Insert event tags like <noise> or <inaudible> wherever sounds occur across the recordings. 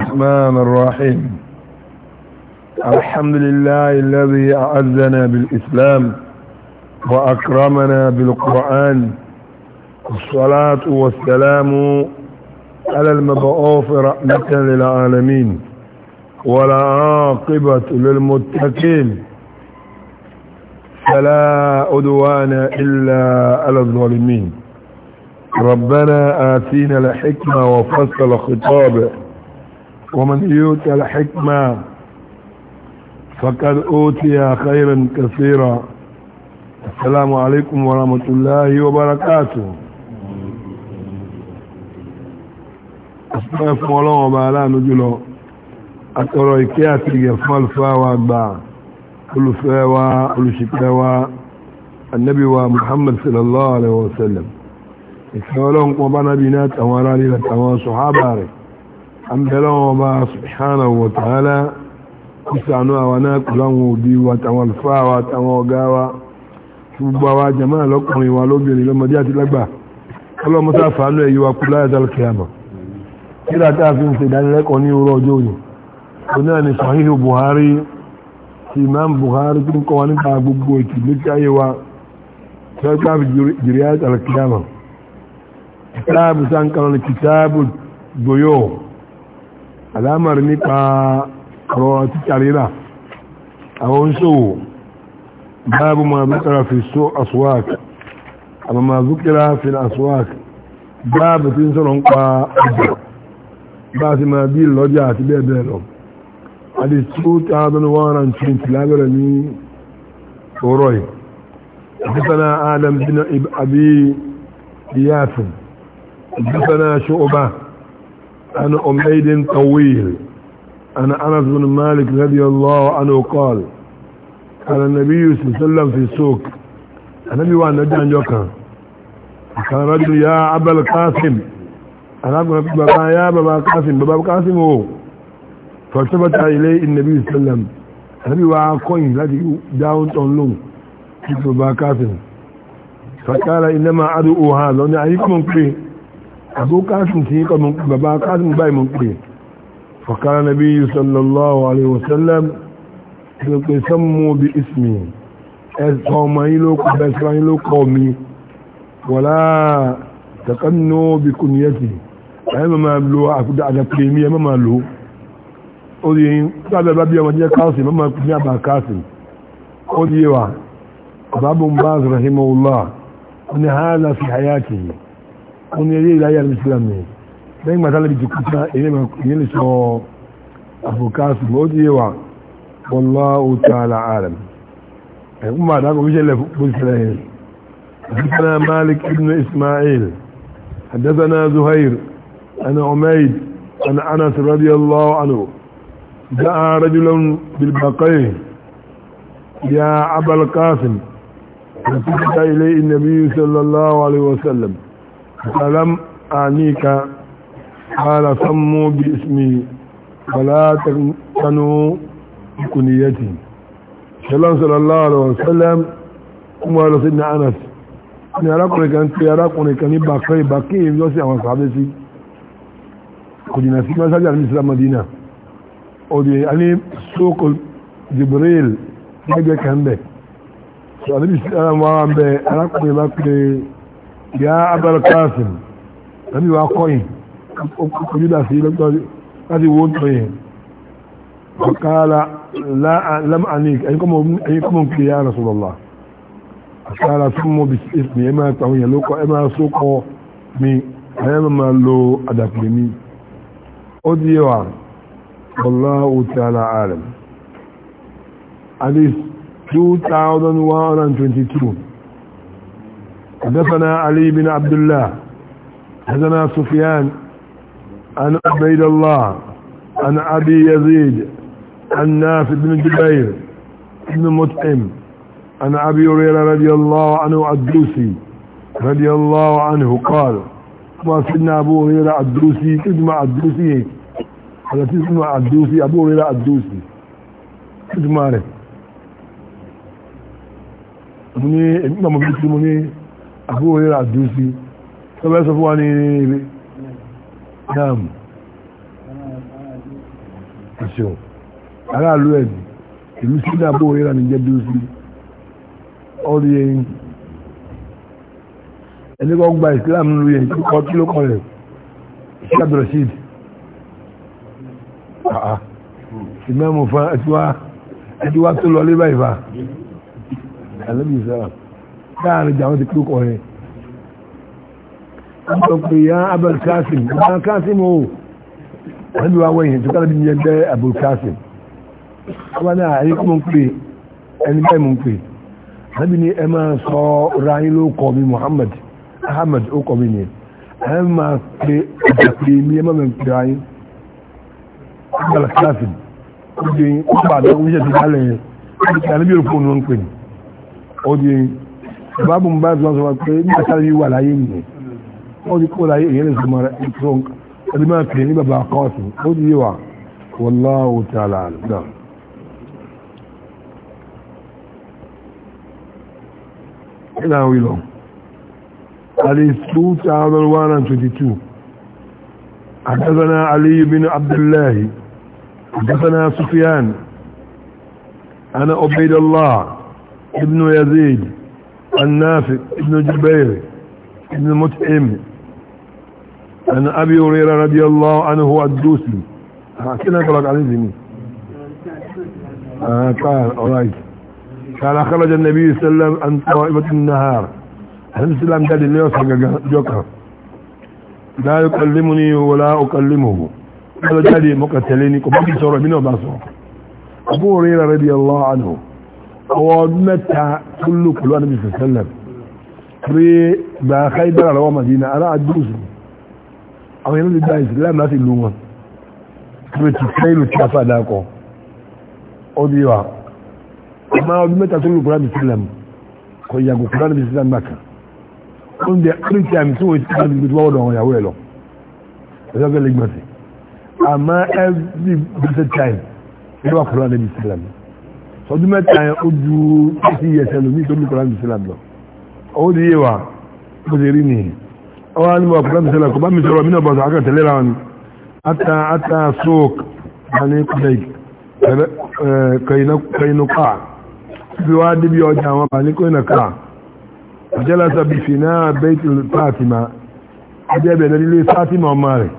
الرحمن الرحيم الحمد لله الذي أعزنا بالإسلام وأكرمنا بالقرآن الصلاة والسلام على المبعوث رحمة للعالمين ولا عاقبة للمتقين فلا أدوان إلا على الظالمين ربنا آتينا الحكمة وفصل خطابه ومن يؤت الحكمة فقد أوتي خيرا كثيرا السلام عليكم ورحمة الله وبركاته أسمعكم الله وبعلا نجلو أترى إكياتي يفعل فاوى أكبر كل فاوى كل شكاوى النبي ومحمد صلى الله عليه وسلم إكياتي الله وبعلا بنات أمراني لك أمران صحابة عليك àmìlẹ́lọ́wọ́ bá subhanahu wa ta'ala kùsànú àwọn náà kùláwọn òbí wa tàwọn alfáà wa tàwọn ọ̀gá wa gbogbo àwa jama lọ́kùnrin wa lóbìnrin lọ́mọdé àti lágbà ọlọ́mọsá fàánú ẹ̀yí wa kú láyé dálkì àmà kíra tá fi ń ṣe ìdánilẹ́kọ̀ọ́ ní òwúrọ̀ ọjọ́ òní ó náà ni Sahih Buhari ti Imam Buhari tó ń kọ́ wa gbogbo ètò ìgbésí ayé wa tẹ́gbà jìrì ayé dálkì àmà kìtàbù sáńkàlọ́ ni kìtàbù gbòyò àlámàrí nípa ọ̀rọ̀ títàríra àwọn ṣòwò báàbù ma zúkira fi aswak àmà ma zúkira fi aswak báàbù tí ń sọ̀rọ̀ ń pa ọjà bá ti ma bí lọ́jà àti bẹ́ẹ̀ bẹ́ẹ̀ lọ àti 2120 lábẹ̀rẹ̀ ní ọ̀rọ̀ yìí حدثنا آدم بن أبي إياس حدثنا عن أميد طويل عن أنس بن مالك رضي الله عنه قال كان النبي صلى الله عليه وسلم في السوق النبي وعن نجان جوكا كان رجل يا أبا القاسم أنا أقول بابا يا بابا القاسم بابا القاسم هو فالتفت إليه النبي صلى الله عليه وسلم النبي وعن كوين الذي داون في بابا القاسم فقال إنما أدعو هذا ونعيكم فيه abu kasim sai ka mun baba kasim bai mun kure fa kana nabi sallallahu alaihi wasallam sai ka sammu bi ismi as qawmi lo ko da sai lo qawmi wala taqannu bi kunyati ay ma lo afda ala premier ma lo o di ta da babi ma je kasim ma kun ya ba kasim o di wa babu baz rahimahullah ان هذا في حياته والله تعالى عالم وما داك مجلف بسلاهين حدثنا مالك ابن اسماعيل حدثنا زهير انا عميد انا انس رضي الله عنه جاء رجل بالبقين يا ابا القاسم رفقت اليه النبي صلى الله عليه وسلم فلم آنيك قال سموا باسمي ولا تكنوا بكنيتي سلام صلى الله عليه وسلم وقال سيدنا أنس ni arákùnrin kan tí arákùnrin kan ní bàkẹ́ ìbàkẹ́ èyí lọ́sí àwọn sàábé sí kò jìnà sí mẹ́sájà ní islam madina ọdún a ní sókò jibril gẹ́gẹ́ kan bẹ̀ so àdébìsí ara wọn bẹ arákùnrin bá pé يا أبا القاسم أبي واقعي أجد في هذه وضعي فقال لا لم أعنيك أيكم ممكن يا رسول الله قال ثم باسم إما تهوي لوك إما سوق مي إما لو أدفني أديوا والله تعالى عالم حديث 2122 حدثنا علي بن عبد الله حدثنا سفيان عن عبيد الله عن أبي يزيد عن ناس بن جبير بن متعم عن أبي هريرة رضي الله عنه الدوسي رضي الله عنه قال ما سيدنا أبو هريرة الدوسي اجمع الدوسي على تسمع الدوسي أبو هريرة الدوسي اجمع له مني ابن مبيت مني àbúrò rírà dúsí tó bẹ́ sọ fún wa ní eré náà ẹ̀ṣọ́ aráàlú ẹ̀dì ìlú sí ní àbúrò rírà ní jẹ́ dúsí ọdí ẹ̀yìn ẹni kọ́ gba ìsìlámù lórí ẹ̀ tí kọ́ tí ló kọ́ rẹ̀ sí Abdulrasheed ah, ah. ìmọ̀ ẹ̀mọ̀ fún ẹ̀tí wá tó lọ lé báyìí fa alẹ́bí ìsìlámù láàrin jàwọn ti kúrúkọ rẹ̀ ọmọ pé ya abel kasim ọmọ kasim o wọ́n bí wá wẹ̀yìn tó kára bí ní ẹgbẹ́ abel kasim wọ́n náà ayé kí mo ń pè ẹni bẹ́ẹ̀ mo ń pè ẹbí ni ẹ máa sọ ráyín ló kọ mi muhammad ahmed ó kọ mi ni ẹ máa pè ọjà pé mi ẹ máa mẹ́ pè ráyín abel kasim ó di ó bàdé ó ń ṣe ti dálẹ̀ yẹn ó ti kí ẹni bí òfin ló ń pè ní ó di báàbù ń bá ẹ̀sùn wọn sọ pé nígbà sáré yìí wà láyé nìyẹn wọ́n ti kó láyé èyí lè sọ mọ́ ẹ̀sùn ẹ̀sùn máa pè ní bàbá kọ́ọ̀tù ó ti yé wa wallahu ta'ala náà. ina wilo alif 2122 حدثنا علي بن عبد الله حدثنا سفيان انا عبيد الله النافع ابن جبير ابن متعم عن أبي هريرة رضي الله عنه الدوسي آه، كنا قلت عليه زمين آه، قال أولايك قال خرج النبي صلى الله عليه وسلم عن طائبة النهار النبي صلى الله عليه وسلم قال لي يوسف جوكر لا يكلمني ولا أكلمه قال لي مقتليني كما سورة منه بصور أبو هريرة رضي الله عنه àwọn ọdún mẹ́ta tó lò pẹ̀lú ànábì sẹ̀sẹ̀lẹ̀ pé gbà Khaybar lọ́wọ́ Madina ará àdúgbò àwọn yẹn ló ti gba ìsìlámù láti lù wọn pé ti fẹ́ ìlú tí a fà dákọ̀ ó di wa àmà ọdún mẹ́ta tó lò pẹ̀lú ànábì sẹ̀sẹ̀lẹ̀ kò yàgò pẹ̀lú ànábì sẹ̀sẹ̀lẹ̀ sọdún mẹ́ta yẹn ó ju eighty years ẹlòmí tó ní kọ́lá mùsùlùm lọ ó di yé wa bó ṣe rí nìyí ó wá ní kọ́lá mùsùlùm kò bá mi sọ̀rọ̀ mí náà bọ̀ sọ akẹ́ tẹ̀lé ra wọn ata ata sok ní kudai kainuka bí wá débi ọjà àwọn bá ní kainuka jalasa bí fina baitul fatima ajẹ́bẹ̀ẹ́ lórí ilé fatima ọmọ rẹ̀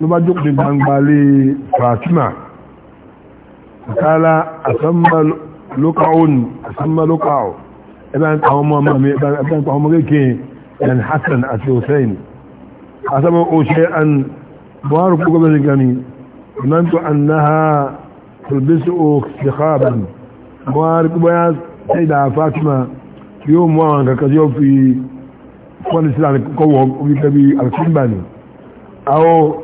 ló bá jókòó ní gbangba lé fatima قال أسمى لقعون أسمى لقع ابن قوم مامي ابن قوم كي يعني حسن أتي حسين أسمى أشياء بارك قبل الجميع ظننت أنها تلبسه خخابا بارك بياس سيدة فاطمة يوم وان كجو في كون الإسلام قوة بكبي الكنباني أو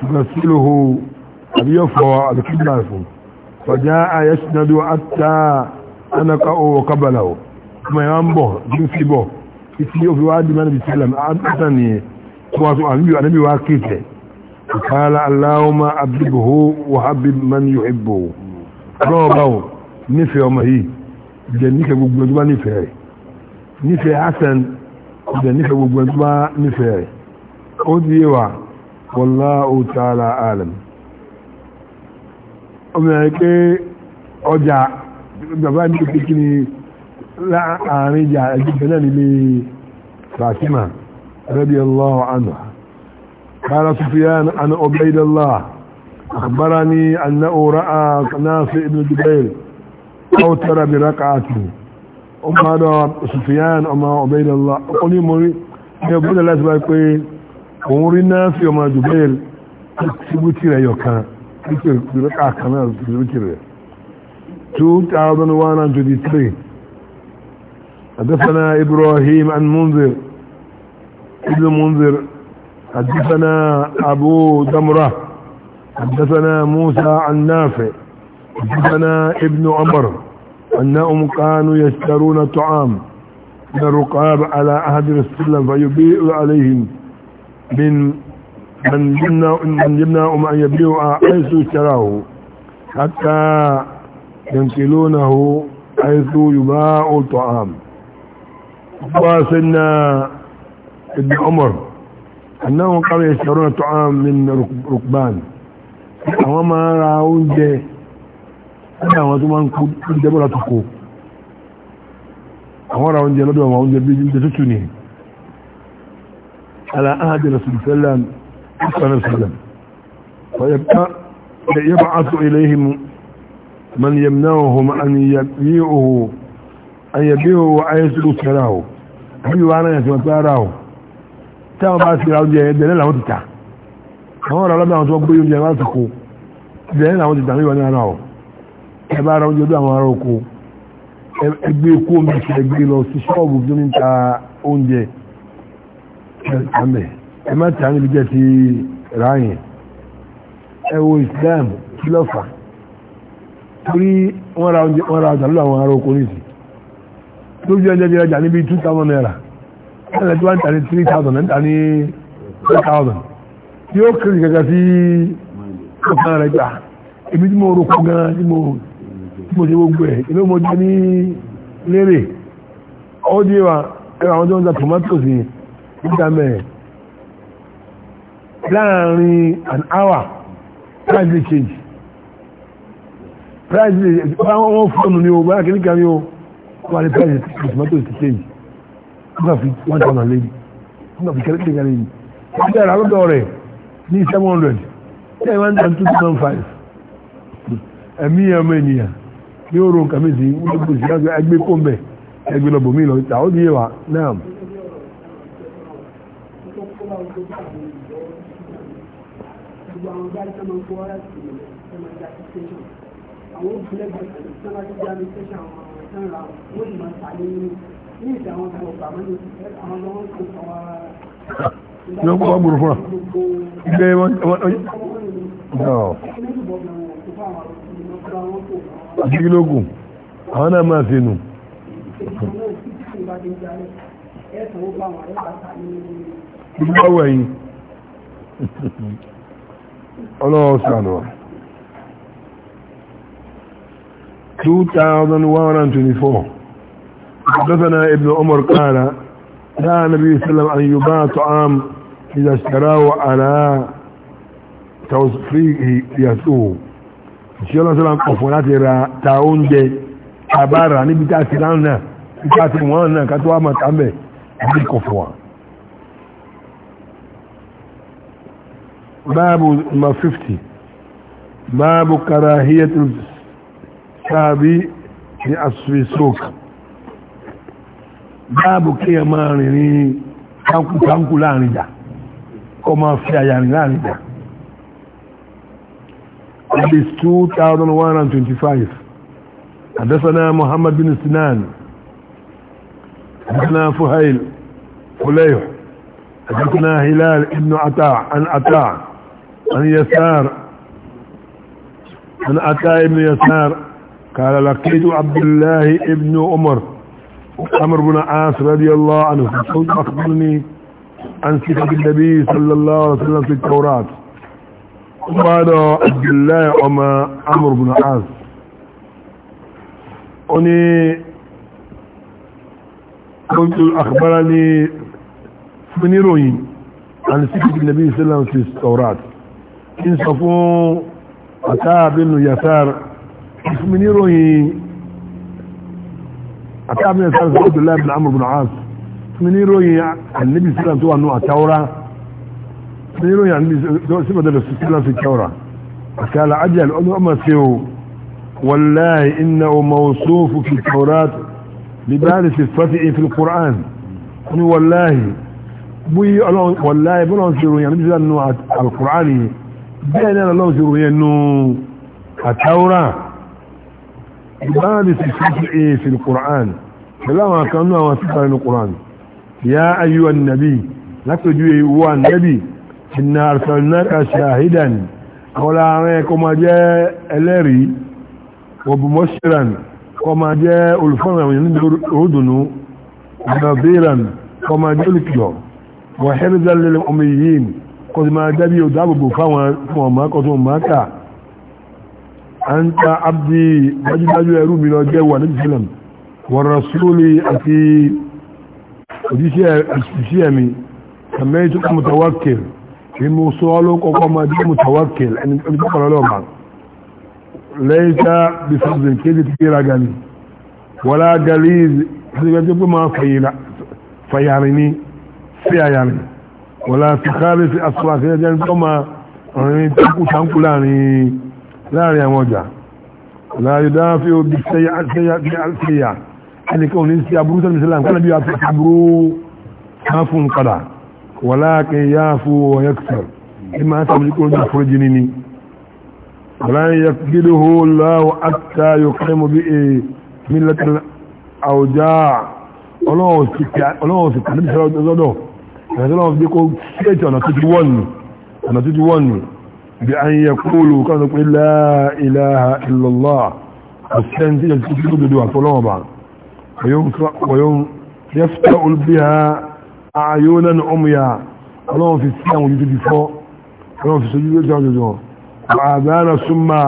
تغسله أبي يفوى الكنباني فجاء يسند حتى أنقعه وقبله ما ينبه جنسبه يسيو في وعد من بسلم أتني سواسو أنبي أنبي واكيته قال اللهم أبدبه وحبب من يحبه روبه نفي ومهي جنك بقبضوا نفي نفي حسن جنك بقبضوا نفي أوديوا والله تعالى أعلم ọmọ ẹgbẹ́ ọjà bàbá ní kíkí ni láàrin ìjà ẹgbẹ́ náà nílé Fatima radiyallahu anha قال سفيان عن عبيد الله أخبرني أنه رأى نافع بن جبير أوتر بركعته ọmọ adọ́ Sufyan ọmọ Ubaydillah ọkọ̀lú ìmọ̀rí ní ọgbọ́n láti bá pé òun rí náà fi ọmọ jubail كمان 2123 حدثنا إبراهيم عن منذر ابن منذر حدثنا أبو دمرة حدثنا موسى عن نافع حدثنا ابن عمر أنهم كانوا يشترون طعام من الرقاب على أهد رسول الله فيبيع عليهم من من يمنع من يمنع أن يبيع حيث اشتراه حتى ينقلونه حيث يباع الطعام واسنا ابن عمر أنهم قالوا يشترون الطعام من ركبان وما راون جي أنا وزمان كنت جبرة تكو وما راون جي لدوا وما راون جي بيجي على أهد رسول الله صلى الله فيبقى يبعث إليهم من يمنعهم أن يبيعه أن يبيعه وأيسر سراه أبي وانا يسمتاره تاو باسي راو جيه دليل هو تتا هو راو لبنا هو تبقى يوم جيه واسكو دليل هو تتا مي وانا راو ẹbá ara oúnjẹ ọdún àwọn ará oko ẹgbẹ́ ikú omi ṣe ẹ má tàn níbi jẹ́ ti ráyìn ẹ Islam kí ló fà torí wọ́n ra oúnjẹ wọ́n ra ọjà lọ́wọ́ àwọn ará oko nìsí tó bí ọjọ́ ìrajà níbi two thousand naira ẹ̀rẹ̀ tí wọ́n ń tà ní three thousand ń tà ní four thousand tí ó kiri gẹ́gẹ́ sí ọkàn rẹ̀ gbà èmi tí mo roko gan tí mo tí mo ṣe gbogbo ẹ̀ èmi mo jẹ́ ní lérè ó dé wa ẹ̀rọ àwọn tó ń ta tomatoes yìí níta láàrin an hour price dey change price dey wọ́n fóònù ni o bára kìíní kan ni o wà ní price dey tomato dey change nígbà fi one thousand lady nígbà fi kẹ́lẹ́kẹ́lẹ́ kan lady wọ́n tẹ̀ ra lọ́dọ̀ rẹ̀ ní seven hundred ten one thousand two thousand five ẹ̀mí ẹ̀mọ ènìyàn ní oró nǹkan méjì wọ́n gbé sí ẹgbẹ́ kóńbẹ̀ ẹgbẹ́ lọ́bọ̀ mi lọ ìta ó di yé wa náà gbogbo àwọn gáàrí tó máa ń kó ọ́rá sí ilẹ̀ tó máa já sí tẹ́sán àwọn òbílẹ̀gbẹ̀ tó máa ti já ní tẹ́sán àwọn ọ̀rọ̀ tán ra wọ́n sì máa tàlé nínú ní ìdá àwọn kan ọ̀gbà mọ́ ní àwọn ọmọ wọn kan kan wá yóò kọ́ gbòòrò fún wa ilé wọn ọ̀ àtìkílógún àwọn náà máa ṣe nù Gbogbo ọwọ́ yìí. <laughs> ọlọ́wọ́ sànúwà 2124 حدثنا ابن عمر قال لا نبي صلى الله عليه وسلم أن يباع طعام إذا اشتراه على توصفيه يسوه ìṣẹ́ ọlọ́sọ́lá ń kọ̀ fún láti ra ta oúnjẹ àbára níbi tá a ti rán náà níbi tá a ti باب ما 50 باب كراهية الشعبي لأصفي السوق باب كيما ريني تنكو تنكو لاني دا كما في عياني لاني دا حديث 2125 حدثنا محمد بن سنان حدثنا فهيل فليح حدثنا هلال ابن عطاء عن عطاء عن يسار عن عطاء بن يسار قال لقيت عبد الله بن عمر عمر بن عاص رضي الله عنه فقلت أخبرني عن صفة النبي صلى الله عليه وسلم في التوراة قال عبد الله عمر عمر بن عاص أني كنت أخبرني من يروين عن صفة النبي صلى الله عليه وسلم في التوراة kí n sọ fún àtàbínú yasar fún mi níròyìn àtàbínú yasar sọ Abdullahi bin Amr bin As fún mi níròyìn annabi sílẹ̀ tó wà nù àtàwọ́rá fún mi níròyìn annabi sílẹ̀ tó wà nù قال عجل أمه سيو والله إنه موصوف في التوراة ببال صفته في القرآن والله بي والله بلون سيرو يعني بجد أنه القرآن bẹ́ẹ̀ náà lọ́wọ́ ṣe ròyìn nù àtàwòrà ìbáàdì sí fífi èè fi kùrán pẹ̀lú àwọn akẹ́nu àwọn sífà nínú kùrán ya ayyuwa nabi lápẹjú ìwọ nabi inna arsalnaka shahidan àwọn láàrin ẹ̀kọ́ máa jẹ́ ẹlẹ́rìí wọ̀bùmọ́ṣẹ́ràn kọ́ máa jẹ́ olùfọ́nà àwọn ènìyàn òdùnú nàbíran kọ́ máa jẹ́ olùkìlọ̀ wọ̀hẹ́rẹ́dàlẹ́lẹ́ ọmọ yìí kọ́ sí máa dábí ò dáàbòbò fáwọn fún ọmọ akọ́ tó mọ́ ká a ń ta abdi dájúdájú ẹrú mi lọ jẹ́ wà ní islam wọ́n rasúlì àti òjíṣẹ́ mi àmẹ́ tó kọ́ mutawakil kí mo sọ ọlọ́kọ́kọ́ máa jẹ́ mutawakil ẹni tó kọ́ lọ́lọ́mà lẹ́yìnká bí wọ́la ti káàrí sí asọ́lá sí ẹjẹ́ tó máa rìn tákùtákù láàrin àwọn ọjà láàrin dááfí obi sẹ́yà ẹnìkan ò ní sí aburú sẹ́lẹ̀ sílẹ̀ nǹkan bí i àti aburú káfún padà wọ́lá kí yá fún ọ̀yẹ́kùsẹ̀l ní máa sàmójú kúrò ní àforíjì níní wọ́lá yẹ gídó hó láwọ́ ọlọ́wọ́ sì kàdé ẹ̀sọ́lọ́ fi kó fẹ́ẹ̀tì ọ̀nà tó ti wọ́n ni ọ̀nà tó ti wọ́n ni bí a ń yẹ kóòlù kánà pé la ilaha illallah ọ̀sẹ́n tí yẹn tó dodo àtọ́lọ́wọ̀ba wọ́n yẹ́fẹ́ olùbí ha ààyò lẹ́nu ọmọya ọlọ́wọ́n fi sí àwọn ojú fọ́ ọlọ́wọ́n fi sojú lójú ọjọ́jọ́ àbára súnmà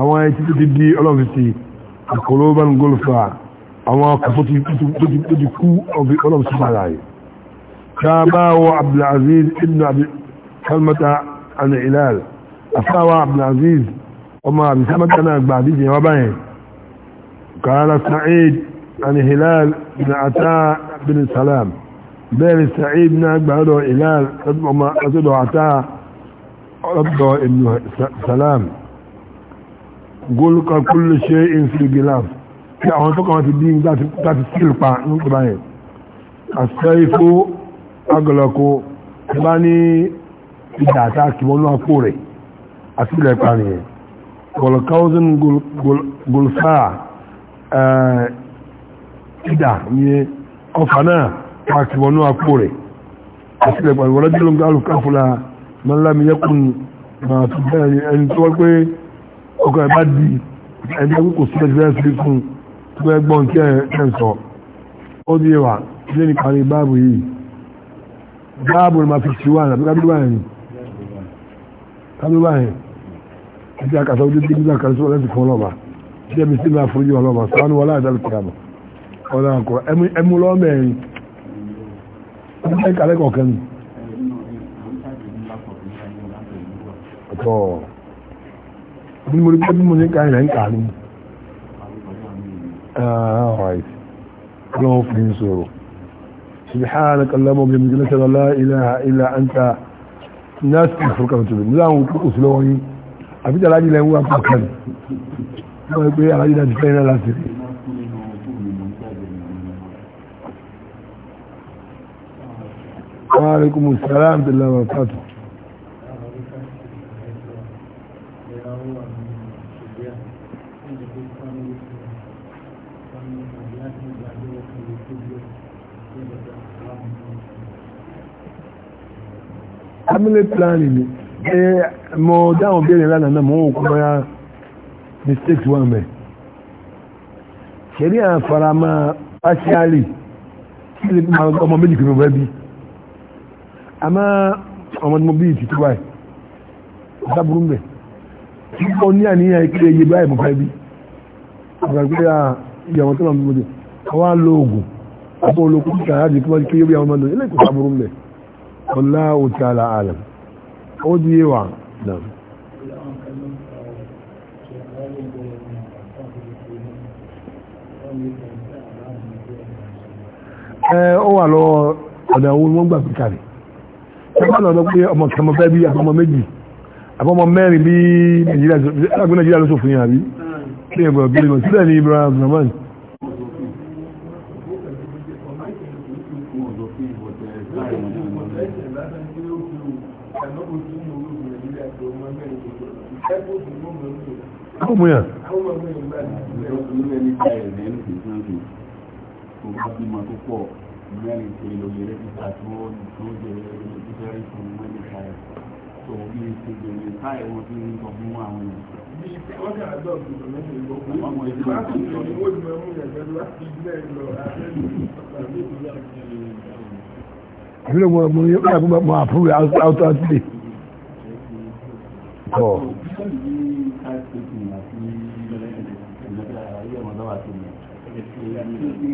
àwọn ayé títí ti di ọlọ́wọ́n كاباه عبد العزيز ابن عبد كلمة عن الهلال أفاوى عبد العزيز وما بسمت أنا بعديد وبين قال سعيد عن هلال بن عتاء بن سلام بين سعيد بن أكبر هلال وما أسده عتاء ربه ابن سلام قل كل شيء في الجلاف في أعوان فقط الدين ذات السلطة نقطة بين السيف agọlọkọ ẹbá ní ìdá àtàkì wọnú àpò rẹ̀ àti ilẹ̀ ìpànìyàn gọlọkọ́sìn gọlfàá ìdá ní ọfà náà àtàkì wọnú àpò rẹ̀ àti ilẹ̀ ìpànìyàn wọ́lọ́dún alùkáfùlà mọ́lámi yẹ́kùn ẹni tó wọ́n pé ọkọ̀ ẹ̀bá di ẹni ó di ẹwà ilé nípa ní báàbù yìí báàbù ma fi ṣíwá náà kábí báyìí kábí báyìí títí àkàtà ojú tí nígbà kan sọ́wọ́ láti kún ọlọ́ba tí ẹbí sí máa fúrújú ọlọ́ba sọ́wọ́n wọlé àdáàlù kìlámù ọ̀dà àkọ́ ẹmú lọ́mẹ̀rin ẹgbẹ́ kálẹ́ kọ̀ọ̀kan ni ọ̀tọ̀ bí mo ní pé bí mo ní ká ìrìn kà ní ọ̀rọ̀ ìsìn ọlọ́wọ́ fi ń sọ̀rọ̀ سبحانك اللهم وبحمدك نشهد ان لا اله الا انت نستغفرك ونتوب اليك láwọn òkú sílọ wọ́n yí àbíjà láti ilẹ̀ ń wá pọ̀ kan wọ́n pé alájí láti fẹ́ iná láti rí wa alaikumus salam àmì tó lọ́wọ́ family planning ni ẹ mọ dáhùn bí ẹni lánàá náà mọ òkú bóyá mistakes wà mẹ ṣẹlẹ àfarama partially ṣẹlẹ ọmọ méjì kìlọ̀ bẹ́ẹ̀ bí àmọ́ ọmọ tí mo bí ìtìtì wáyé ọ̀sá burú mbẹ̀ ó ní àníyàn ìkéré iye báyìí mo fẹ́ bí ọ̀gá ìgbé ya iye àwọn tó lọ́nà mọ́jọ àwọn á lo oògùn àbọ̀ olókùn kí àwọn àjẹkí wọ́n kí yóò àwọn ọmọ náà ilé ìkọ̀sá والله تعالى عالم ودي وعن نعم ó wà lọ ọ̀nà òun wọ́n gbà fi kàrí ẹgbẹ́ ọ̀nà pé ọmọ kẹmọ fẹ́ bí àbọmọ méjì àbọmọ mẹ́rin bí nàìjíríà ló sọ fún yàrí tí ẹgbẹ̀rẹ̀ bí lọ sílẹ̀ ní Ibrahim Rahman mú yàn Ìbílẹ̀ wọn mú ní ọ̀pọ̀ mọ̀ àpúrẹ̀ áútọ́ àti lè. Ọ̀. Òṣèlédé. Àwọn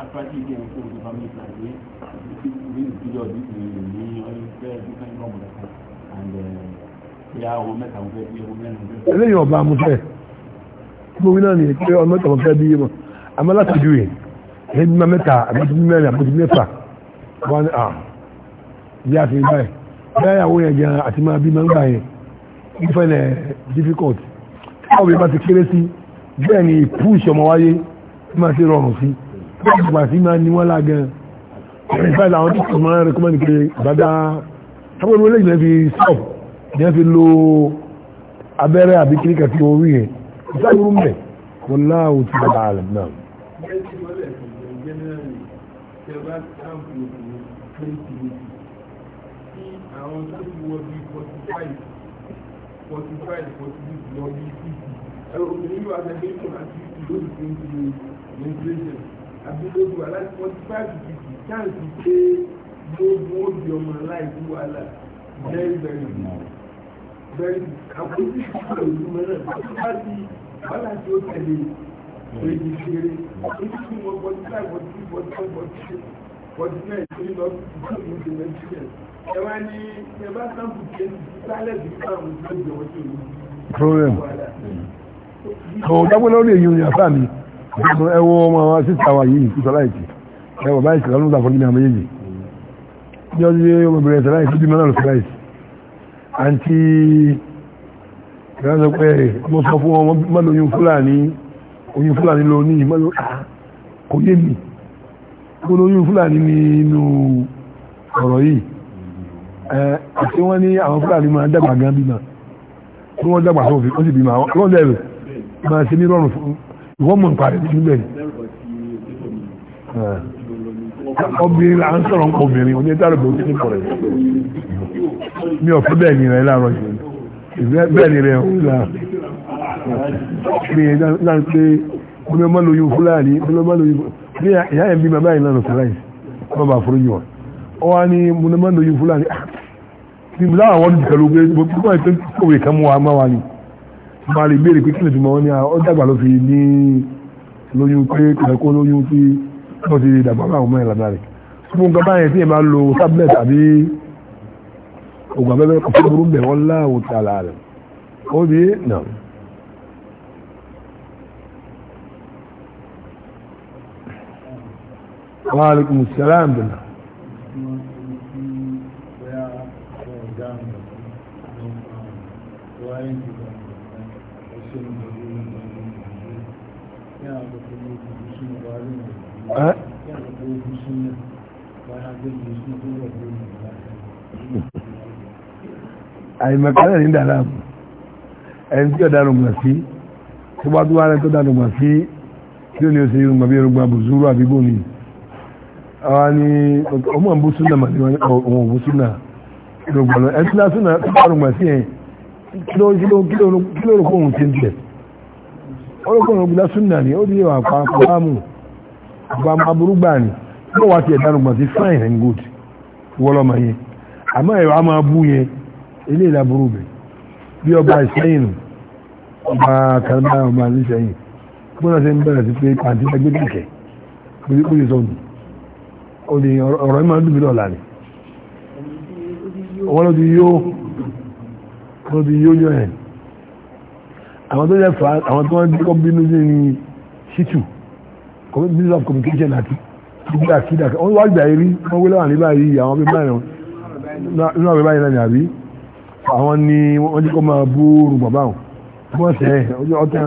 afẹ́kí ìdí ẹ̀kọ́ òṣèlú family plan ní ìpínlẹ̀ ìpínlẹ̀ ọdún ìpínlẹ̀ ní ọdún fẹ́ẹ̀ dúkẹ́ ní ọmọdé kan. And ìyá ọmọ mẹ́ta ń fẹ́ bí ọmọ Ẹlẹ́yìn ọba amúfẹ́. Gbogbo náà ni pé ọmọ mẹ́ta fẹ́ bí ọmọ àmọ́ láti ju yìí ẹni mímọ́ mẹ́ta àbójú mẹ́rin àbójú mẹ́fà wọ́n ní àm bí a fi ń báyìí bẹ́ẹ̀ àwọn yẹn jẹun àti máa bí máa ń gbà yẹn difficult táwọn bí bá ti kéré sí bẹ́ẹ̀ ni push ọmọ wáyé máa ti rọrùn sí bẹ́ẹ̀ ti pàṣẹ máa ní wọ́n lágan ìfẹ́lẹ̀ àwọn tó kàn máa recommend pé bàbá táwọn olówó lẹ́yìn fi stop ní wọ́n fi lo abẹ́rẹ́ àbí kíríkà sí orí yẹn ìsáyúrú mẹ́ wọ́n láwùjọ àlàm náà mẹ́tí mọ́lẹ̀ ìgbẹ̀ jẹ́nẹ́rì tẹ́bá táàpù òkú 20 tí àwọn tó ti wọ bí 45 45 46 lọ bí 50 ẹ̀rọ obìnrin yóò àtẹ́gbé ìtàn àti ìlú lórí 20 menstruation àbílógún wà láti 45 50 chance pé gbogbo ó di ọmọ aláìsí wàhálà very very very àpótí ìpínlẹ̀ òjúmọ́ náà wọ́n ti wàhálà tí ó tẹ̀lé èyí ṣeré èyí tí mo bọ́dí láì bọ́dí bọ́dí bọ́dí ṣe bọ́dí náà ṣe lọ sí ìlú nàìjíríà ẹ wá ní ẹ bá sáǹpù kéèsì sálẹ̀ bí káàmù tó jẹ wọ́n tó yìí. problem kò dágbọ́n lórí èyí òyìn àfáà mi ọmọ ẹwọ ọmọ àwọn sísá wa yìí ìfúsọ láìsí ẹwọ báyìí kìlá lóòótọ́ àfọ́jú ní àmọ́ ní ọdún yé ọmọbìnrin ẹ̀sẹ̀ láìsí bí mẹ́rin láìsí àǹtí ìránṣẹ́ pé sọ fún ọmọ mọ́lóyún fúlàní oyún fúlàní lọ ní ìmọ́ yóò àá kò yé mi kó lóyún fúlàní nínú ọ̀rọ̀ yìí àti wọ́n ní àwọn fúlàní máa dàgbà gan bímọ tí wọ́n dàgbà tó fi wọ́n sì bímọ àwọn lẹ́rù máa ṣe ní rọrùn fún ìwọ́n mọ̀ nípa rẹ̀ níbẹ̀ ni obìnrin là ń sọ̀rọ̀ nǹkan obìnrin oní ẹ̀dá rẹ̀ bó ń pọ̀ rẹ̀ mi ò fẹ́ bẹ́ẹ̀ ni rẹ̀ láàárọ̀ yìí bẹ́ẹ̀ ni rẹ̀ ń láti pé omi ọmọ lóyún fúlàní ọmọ lóyún bí ìyá ẹ̀ ń bí bàbá yìí lọ́nà fúlàní wọ́n bá fúrú yìí wọ́n wọ́n ní ọmọ lóyún fúlàní ní bí láwọn wọ́n dìkẹ́ ló gbé gbogbo ìpín kòwé kan mú wa má wa ni máa lè béèrè pé kí lè túmọ̀ wọn ní ọ dàgbà ló fi ní lóyún pé kẹ̀kọ́ lóyún tí wọ́n ti dàgbà láwọn ọmọ ìlànà rẹ̀ fún nǹkan báyẹn tí ẹ máa lo tablet àbí ògùn abẹ́bẹ́ kò fún burú bẹ̀ wọ́n láwùjọ àlà rẹ̀ ó di náà. وعليكم السلام بالله àyè mẹ́kànlẹ̀ ní dàdàm ẹni tí ọ̀dà rùgbà sí tó bá tó wá rẹ̀ tó dà rùgbà sí tí ó ní ó sì rùgbà bí rùgbà bùzúrù àbígbò nìyí àwọn ni ọmọ ọmọ súnà mà ní ọmọ ọmọ súnà ìrògbọ̀nà ẹ̀sìnà súnà ìpàrùngbà sí ẹ̀ kílò olókòrùn tí ń tẹ̀ olókòrùn ògbìlá súnà ni ó díyẹ̀ wà pàápàámù àbámúrúgbà ni ó wà ti ẹ̀dánùgbà sí fine and good wọ́lọ́mà yẹn àmọ́ ẹ̀rọ a máa bú yẹn ilé ìlàbúrú bẹ̀ bí ọba ìsẹ́yìn ọba kanáà ọba nísẹ́yìn gbọ́dọ̀ sí ń bẹ̀rẹ̀ sí pé àti ẹgbẹ́ kẹ̀kẹ́ òdì ọ̀rọ̀ ìmọ̀ dùn mí lọ́la ni wọ́n ló ti yóò ló ti yóò yọ̀ yẹn àwọn tó yẹ fà àwọn tó wọ́n kọ́ bínú sí ni ṣítù business of communication àti gbígbà kídà wọ́n wá gbà eré wọ́n wé lọ́wọ́ nígbà yìí àwọn bí báyìí nínú àwọn báyìí náà ni àbí àwọn ni wọ́n ti kọ́ máa bóoru bàbá wọn wọ́n sẹ́ ọjọ́ ọ̀tá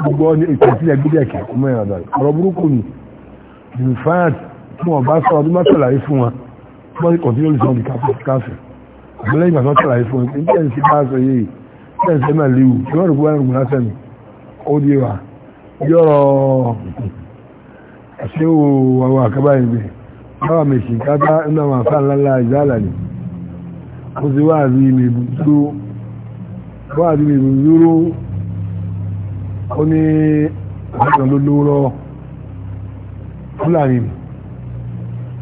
gbogbo ìtẹ̀sílẹ̀ gbígbà kẹ́ ọmọ ìrọ̀dọ̀ ọ̀rọ̀ burúkú ni in fact wọn bá sọ ọdún mọ́sàlàyé fún wọn bọ́ sí kọ̀tí olùsọ di káfẹ́ àbẹ́lẹ́ ìgbà tó sàlàyé fún wọn ní ẹ̀sìn bá sọ yìí ẹ̀sìn máa léwu tí wọ́n rò pé wọ́n rò lásán ni ó di wa yọ̀rọ̀ àṣewò àwọn àkábá yìí bẹ̀ báwa mèsì káká nínú àwọn àfáà ńláńlá ìdáàlà ni mo ti wá àbí mi dúró wá àbí mi dúró ó ní àwọn ìgbà ló lówó lọ́wọ́ fúlàní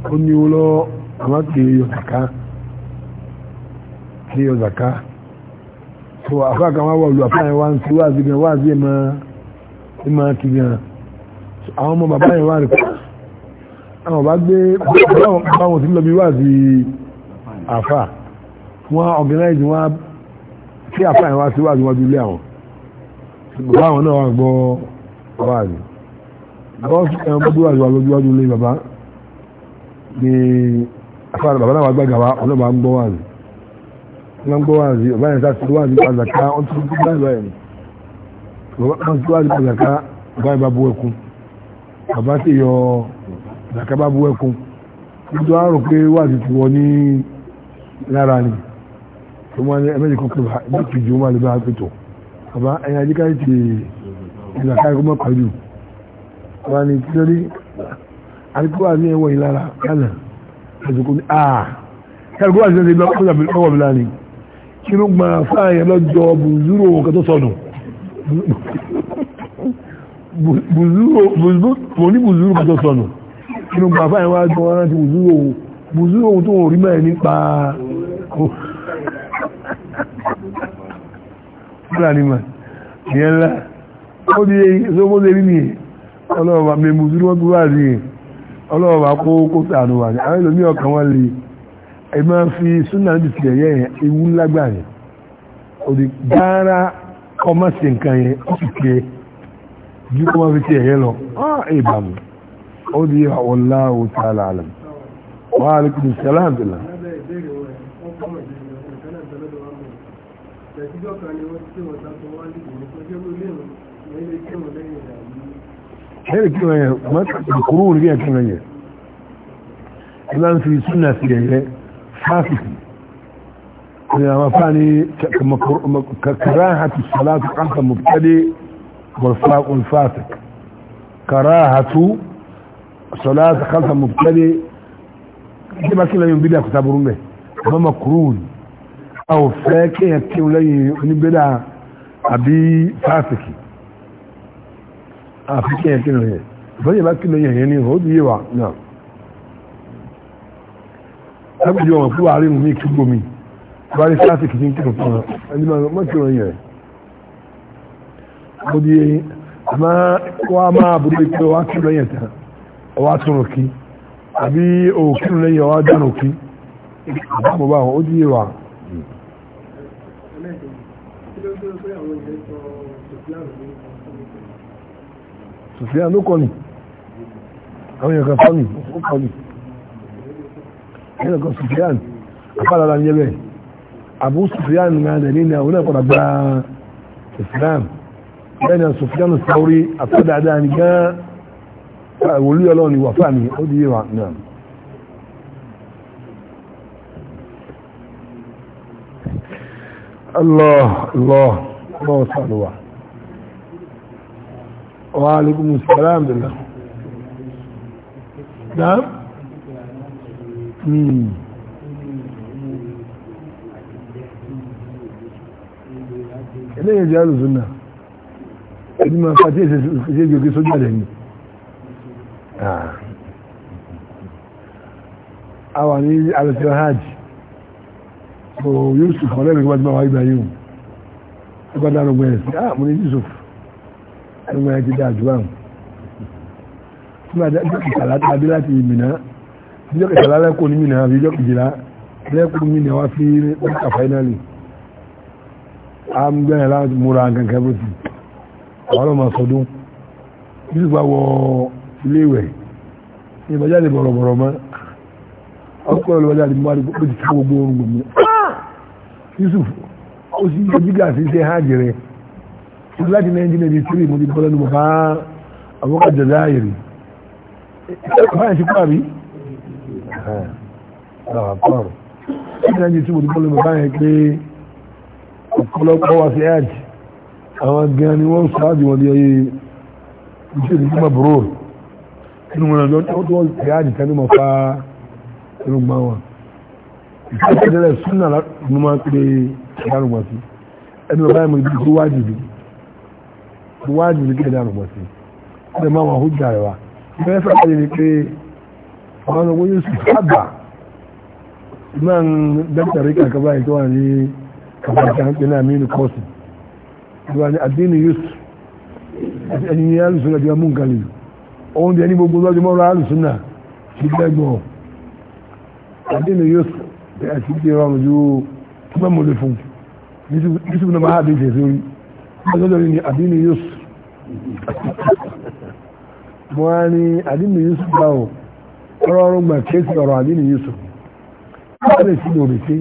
ó ní owó lọ́wọ́ àwọn kì í yọ zaka kì í yọ zaka so àfáà kan wá wà lù àfáà yẹn wá ń sí wáàzí gan wáàzí ẹ̀ máa ẹ̀ máa kí gan àwọn ọmọ bàbá yẹn wá rẹ̀ kọ́ àwọn bá gbé báwọn tí lọ bí wáàzí àfáà wọ́n organize wọ́n tí àfáà yẹn wá sí wáàzí wájú ilé àwọn bàbá àwọn náà wà gbọ́ wáàzí bọ́ọ̀sì gbogbo wáàzí wà lójú wájú bàbá ní afáàrẹ bàbá náà gbàgà wa ọ̀nà máa ń gbọ́ wáàzì wọ́n gbọ́ wáàzì ọ̀bá yẹn sáà ti wáàzì pàzàká wọ́n ti tún báyìí báyìí ni wọ́n ti wáàzì pàzàká ọ̀bá yẹn bá bú ẹkún bàbá sì yọ pàzàká bá bú ẹkún nítorí wọ́n rò pé wáàzì ti wọ ní lára ni tó wọ́n ní ẹ̀mẹ́jì kan kúrò ní kìjì wọ́n máa lè bá a pètò bàbá ẹ̀yìn àjíkáyì ti pàzàká ẹ̀kọ́ mọ́ pàjù wọ́n ní kí àríkúwà ní ẹwọ ìlara kánà àsìkò ní àà kẹrìkúwà sí ẹgbẹ́ ọwọ́ mi lánìí kí ló gba fáàyẹ lọ́jọ́ bùzúrò nǹkan tó sọnù mo ní bùzúrò nǹkan tó sọnù kí ló gba fáàyẹ wá jọ wọn láti bùzúrò bùzúrò tó ń rí mẹ́rin nípa fúlàní mà ìyẹn ńlá ó di ẹgbẹ́ ọmọdé rí nìyẹn ọlọ́ọ̀bà mẹ́mùsùn wọ́n gbúwà rí yẹn ọlọ́ọ̀bá kó kó tààrù wà ní àwọn ìlòmí ọkàn wọn lè ẹ máa fi súnà ní tìlẹ̀ yẹn ewu lágbà yẹn òdì gbára ọmọ sí nǹkan yẹn ó sì ké ju kó máa fi ti ẹ̀yẹ lọ ẹ bà mí ó di wallahu ta'ala alam wa alaikum salam àbìlà. Ìjọba kan ni ẹ̀rẹ̀ kí wọ́n yẹ kúrò ní kí ẹ̀kí wọ́n yẹ ẹ̀bá ń fi súnà sí ẹ̀yẹ fásitì ní àwọn fáni kàráhàtù sàlátù kàkà mọ̀kẹ́dé wọ̀lfàkùn fásitì kàráhàtù sàlátù kàkà mọ̀kẹ́dé kí bá kí lẹ́yìn bídà kùtà burú mẹ́ ọmọ makurun a ò fẹ́ kí ẹ̀kí wọ́n àfikẹ́ yẹn kìlọ̀ yẹn bọ́yẹ̀ bá kìlọ̀ yẹn yẹn ni ó di yé wa náà lábùjọ wọn fún wàá rí mu ní kígbó mi wàá rí sáàsì kìí kìlọ̀ fún wa ẹni máa mọ́ kìlọ̀ yẹn ó di yé àmọ́ wàá máa burú pé wàá kìlọ̀ yẹn tán wàá sọ̀rọ̀ kí àbí òkìlọ̀ lẹ́yìn wàá dànù kí àbámọ̀ báwọn ó di yé wa. Thank you. Sùfíà ló kọ́ ni àwọn èèyàn kan fọ́nì ó kọ́ ni èèyàn kan Sùfíà àpálára ń yẹ bẹ́ẹ̀ Abu Sùfíà ní alẹ́ nínú àwọn náà padà gba Islam bẹ́ẹ̀ ni Sùfíà ní sáwórí àfẹ́dáadáa ni gán wòlú ọlọ́run ni wàfà mi ó di yíwa náà Allah Allah Allah sàlùwà. وعليكم السلام بالله نعم مم. ilé ìjẹ́ alùsùnà ẹni máa fàtí ìṣẹ́ ìgbòkè sójú àlẹ́ ni a wà ní alùsùnà hajj so yusuf ọlẹ́rìn gbájúmọ́ wáyé báyé o ẹgbẹ́ dáró gbẹ̀ẹ́sì ah mo ní yusuf ẹgbẹ́ ẹ ti dá àjúwà hùn nígbàtí ọjọ́ kìtàlá tàbí láti ìmìnà ọjọ́ kìtàlá lẹ́kùn ní mìnà àbí kìjìlá lẹ́kùn mìnà wá sí ọjọ́ fáínàlì a ń gbẹ̀rẹ̀ láti múra kankan bó ti àwọn ọmọ sọdún yusuf awọ ilé ìbájáde bọ̀rọ̀bọ̀rọ̀ mọ́ ọkọ̀ ìlúbájáde títí láti 1983 mo ti bọ́ lẹ́nu bàbá àwọ́kà jazairi báyìí sí pàrí àwọn àpárò títí láti tí mo ti bọ́ lẹ́nu bàbá yẹn pé ọ̀pọ̀lọpọ̀ wá sí hajj àwọn gan ni wọ́n sọ hajj wọn di ọyẹ iṣẹ́ ìdíjú maburo nínú wọn lọ tó wọ́n sí hajj tẹnu mọ́ wájú ní gẹ́gẹ́ àrùn bọ̀sí ọdẹ máa wọn hujja rẹ̀ wa bẹ́ẹ̀ fẹ́ láti rí pé àwọn ọmọ yóò sì sábà náà ń dẹ́kítà rí kàkàbá yìí tó wà ní kàkàbá ń pè ní aminu kọ́ọ̀sì tó wà ní adínú yusuf àti ẹni ní alùsùn náà ti wà mú nǹkan lè ohun tí ẹni gbogbo yusu. mọ́ra alùsùn náà ti gbẹ́gbọ́n ju tó bá mọ̀lẹ́ fún yusuf náà máa bí ìṣẹ̀sórí ọjọ́ lórí ni adínú yusuf wọ́n á ní àdínú Yusuf báwọn ọ̀rọ̀ ọ̀rọ̀ gbà kéèsì ọ̀rọ̀ àdínú Yusuf wọ́n lè sí lòrì sí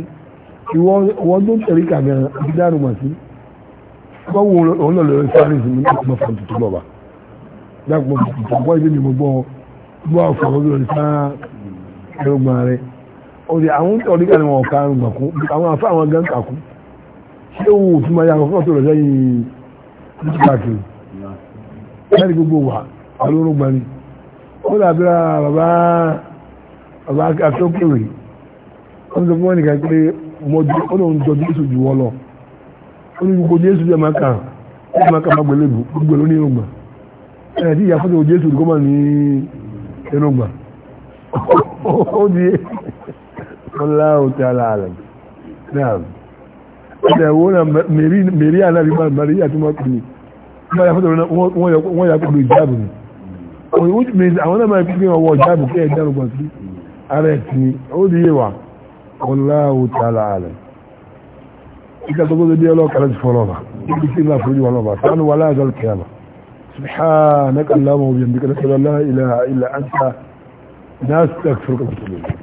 ìwọ́n tó tẹ̀rí kàgàn ìdánù mà sí wọ́n wo òun lọ́lọ́ sáré sí mi ní ọgbọ́n fún tuntun bọ̀ bá dápọ̀ ìtàkọ́ ìdí ni mo gbọ́ gbọ́ àfọ̀ ọ̀rọ̀ lórí sá ẹ̀rọ gbà rẹ̀ ó di àwọn tọ̀rí kàgàn wọn kà ń gbà kú àwọn afẹ́ àwọn gan kà láti gbogbo wà alórógbà ni ó dàbíra bàbá bàbá akẹ́kọ̀ọ́rì wọ́n sọ fún wọn nìkan pé mọ́jú ó lóun jọ jésù jù wọ́ lọ ó ní gbogbo jésù jẹ́ máa kàn ó máa kàn máa ọlá òtí aláàrẹ̀ náà na mẹ́rí ànábì máa mẹ́rí àtúmọ̀ pè wọ́n yà fọ́tọ̀ rẹ̀ wọ́n yà pẹ̀lú ìjáàbù ni which means àwọn náà máa fi fi ọwọ́ ìjáàbù kí ẹ dẹ́rù gbọ̀n sí ara ẹ̀ tí ó di yé wa Allahu ta'ala alam ìka tó gbọ́dọ̀ dé ọlọ́ọ̀kà láti fọ́ lọ́ba níbi tí ìlà fúrúdì wà lọ́ba sánú wà láàzọ́ kìyàmà subhanaka allahumma wa bihamdika la ilaha anta nastaghfiruka wa